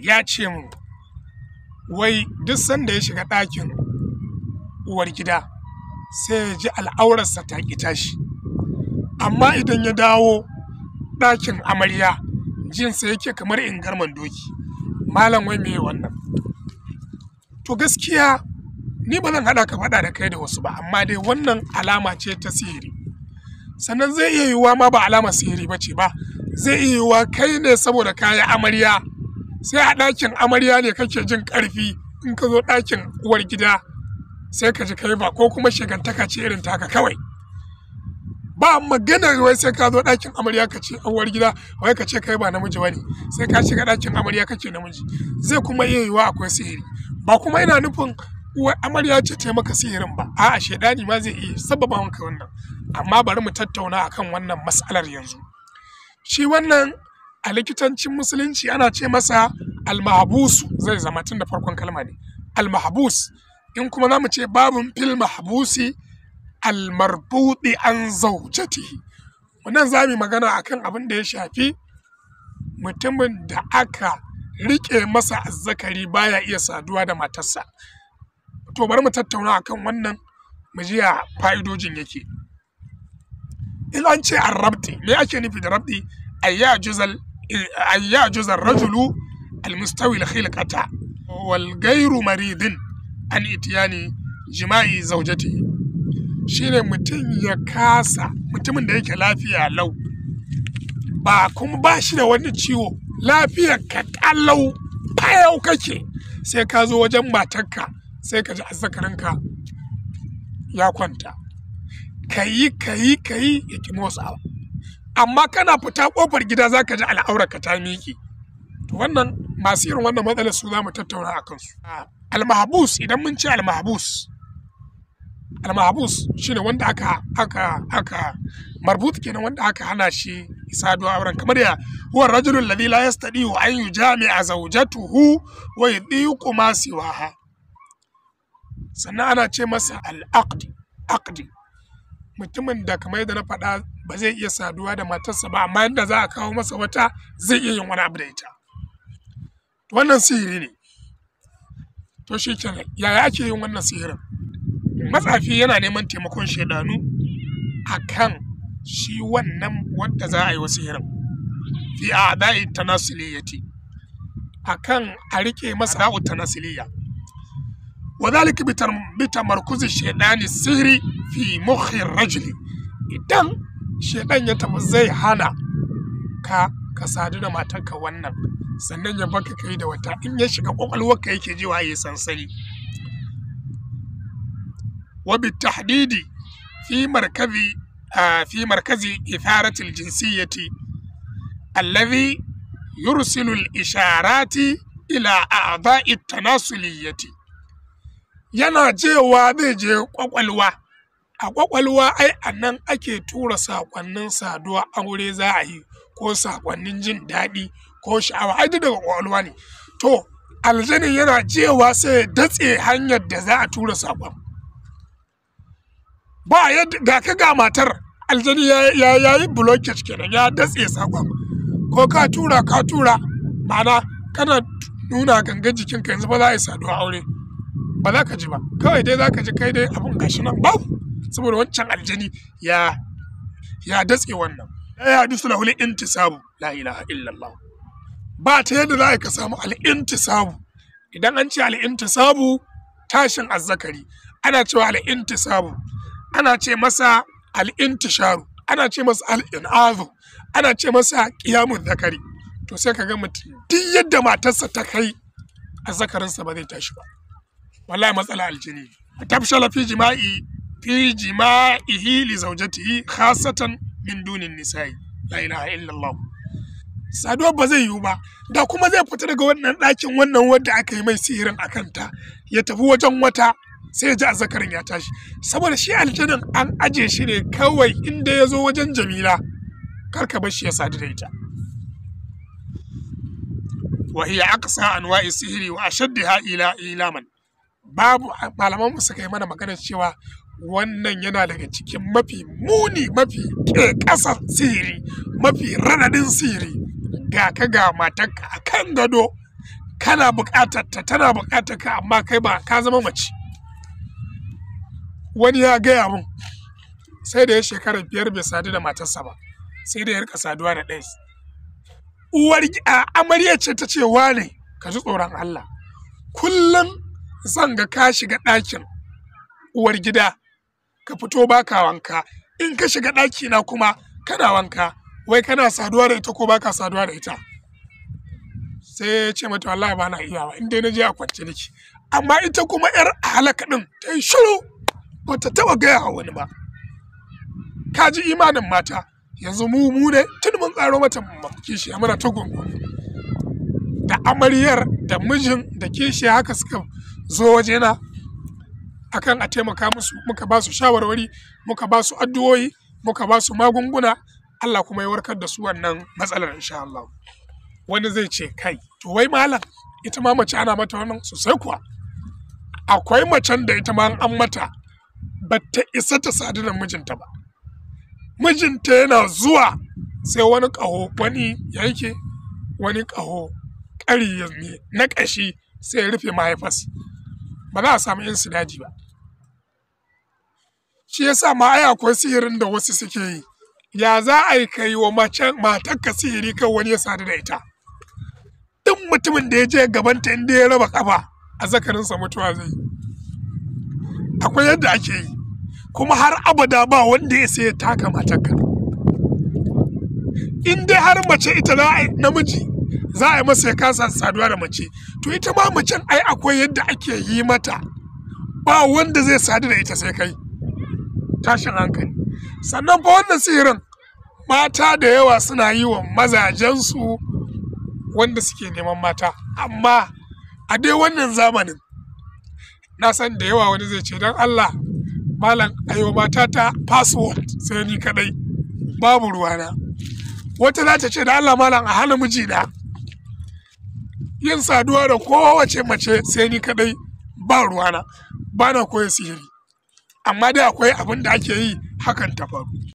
ya ce min wai duk sanda ya shiga ɗakin uwar gida sai ya ji al'aurarsa ta ƙi tashi amma idan ya dawo ɗakin amarya jinsa yake kamar in garman doki malam wai me wannan to gaskiya ni ba zan haɗa ka faɗa da kai da wasu ba amma dai wannan alama ce ta sihiri sannan zai iya yiwuwa ma ba alama sihiri ba ce ba zai iya yiwuwa kai ne saboda kayan amarya sai a ɗakin amarya ne kake jin ƙarfi in ka zo ɗakin uwar gida sai ka ji kai ba ko kuma shigantaka ce irin taka kawai ba magana wai sai ka zo ɗakin amarya ka ce uwar gida wai ka ce kai ba namiji wani. sai ka shiga ɗakin amarya kake namiji zai kuma iya yiwa akwai sihiri ba kuma ina nufin uwar amarya ce ta maka sihirin ba a'a shaidani ma zai iya sababa maka wannan amma bari mu tattauna akan wannan matsalar yanzu shi wannan a likitancin musulunci ana ce masa almahabusu zai zama tun da farkon kalma ne almahabus in kuma za mu ce babun fil mahabusi almarbuɗi an zaujatihi wannan za mu magana akan abin da ya shafi mutumin da aka riƙe masa azzakari baya iya saduwa da matarsa to bari mu tattauna akan wannan mu ji ya fa'idojin yake in an ce me ake nufi da rabdi juzal ayyajuz ar-rajulu al-mustawi al-khilqata wal ghayru maridin an itiyani jima'i zaujati shine mutum ya kasa mutumin da yake lafiya lau ba kuma ba shi da wani ciwo lafiyar ka kallau fayau kake sai ka zo wajen matarka sai ka ji azzakarinka ya kwanta ka yi ka yi ka yi ya ki motsawa amma kana fita kofar gida za ka ji al'aurarka ta miƙe to wannan masu irin wannan matsalar su za mu tattauna a kansu almahabus idan mun ce almahabus almahabus shi ne wanda aka aka aka marbut kenan wanda aka hana shi saduwa auren kamar ya huwa rajulun ladhi la wa an yujami'a zawjatuhu wa yadiqu ma siwaha sannan ana ce masa al aqd mutumin da kamar yadda na faɗa ba zai iya saduwa da matarsa ba amma yadda za a kawo masa wata zai iya yin wani abu da ita wannan sihiri ne to shi kenan yaya ake yin wannan sihirin matsafi yana neman taimakon shaidanu a kan shi wannan wanda za a yi wa sihirin fi a da'i nasiliyati a kan a rike masa da'u tanasiliya wa zalika bi tamarkuzi shaidani sihiri fi mukhi rajuli idan shedan ya tafi zai hana ka ka sadu da matarka wannan sannan ya baka kai da wata in ya shiga ka yake jiwa ya sansani wa bitahdidi fi markazi fi markazi ifaratil jinsiyyati alladhi yursilu alisharati isharati ila a'dha'i tanasuliyyati yana jewa zai je kwakwalwa a kwakwalwa, ai a nan ake tura saƙonnin saduwa aure za a yi ko saƙonnin jin daɗi ko sha'awa ai duk daga ƙwaƙwalwa ne to aljanin yana jewa sai ya datse hanyar da za a tura saƙon ba yadda ga ka ga matar aljani ya ya yi blockage kenan ya datse saƙon ko ka tura ka tura ma'ana kana nuna ganga jikinka yanzu ba za a yi saduwa aure ba za ka ji ba kawai dai za ka ji kai dai abin gashi nan ba. saboda wancan aljani ya ya datse wannan la ya hadisu lahul intisabu la ilaha illallah ba ta yadda za ka samu al'intisabu idan an ce al'intisabu tashin azzakari ana cewa al'intisabu ana ce masa intisharu ana ce masa inazu ana ce masa ƙiyamun zakari to sai ka ga mutum duk yadda matarsa ta kai azzakarinsa ba zai tashi ba wallahi matsala aljini tafshala fi jima'i fi zauje li zaujatihi khasatan min dunin nisa'i la ilaha illallah saduwa ba zai yiwu ba da kuma zai fita daga wannan ɗakin wannan wanda aka yi mai sihirin a kanta ya tafi wajen wata sai ji azzakarin ya tashi saboda shi aljanin an aje shi ne kawai inda ya zo wajen jamila karka bar shi ya sadu da ita wa hiya aqsa anwa'i sihiri wa ashaddaha ila ilaman babu malaman mu suka yi mana magana cewa wannan yana daga cikin mafi muni mafi ƙasar siri mafi raɗaɗin siri ga ka ga matarka a kan gado kana buƙatar ta tana buƙatar ka amma kai ba ka zama mace wani ya gaya mun sai da ya shekarar biyar bai sadu da matarsa ba sai da ya rika saduwa da ɗaya uwar amarya ce ta ce wane ka ji tsoron Allah kullum zan ga ka shiga ɗakin uwar gida ka fito baka wanka in ka shiga ɗaki na kuma kana wanka wai kana saduwa da ita ko baka saduwa da ita sai ya ce mata wallahi ba na iyawa in dai na je a kwance niki amma ita kuma yar halaka din ta yi shiru ba ta taba gaya wa wani ba ka ji imanin mata yanzu mu mu ne tun mun karo mata kishiya muna ta gungu da amaryar da mijin da kishiya haka suka zo wajena akan a taimaka musu muka ba su shawarwari muka ba su addu'o'i muka ba su magunguna Allah kuma ya warkar da su wannan matsalar insha Allah wani zai ce kai to wai malam ita ma mace ana mata wannan sosai kuwa akwai macen da ita ma an mata ba ta isa ta sadu da mijinta ba mijinta yana zuwa sai wani ƙaho wani yanke wani ƙaho ƙari ne na ƙashi sai ya rufe mahaifarsa ba za a samu yin daji ba shi yasa ma ai akwai sihirin da wasu suke yi ya za a yi kai wa matarka sihiri kan wani ya sadu da ita duk mutumin da ya je gabanta inda ya raba kafa a zakarinsa mutuwa zai akwai yadda ake yi kuma har abada ba wanda ya sai taka matakka. in dai har mace ita na namiji za a yi masa ya kasa saduwa da mace to ita ma macen ai akwai yadda ake yi mata ba wanda zai sadu da ita sai kai tashin hankali sannan fa wannan sihirin mata da yawa suna yi wa mazajensu wanda suke neman mata amma a dai wannan zamanin na san da yawa wani zai ce don allah malam ayo mata ta password sai ni kadai babu ruwana wata za ta ce da allah malam a hana mijina yin saduwa da kowace mace sai ni kadai ba ruwana ba na koya sihiri amma dai akwai abin da ake yi hakan ta faru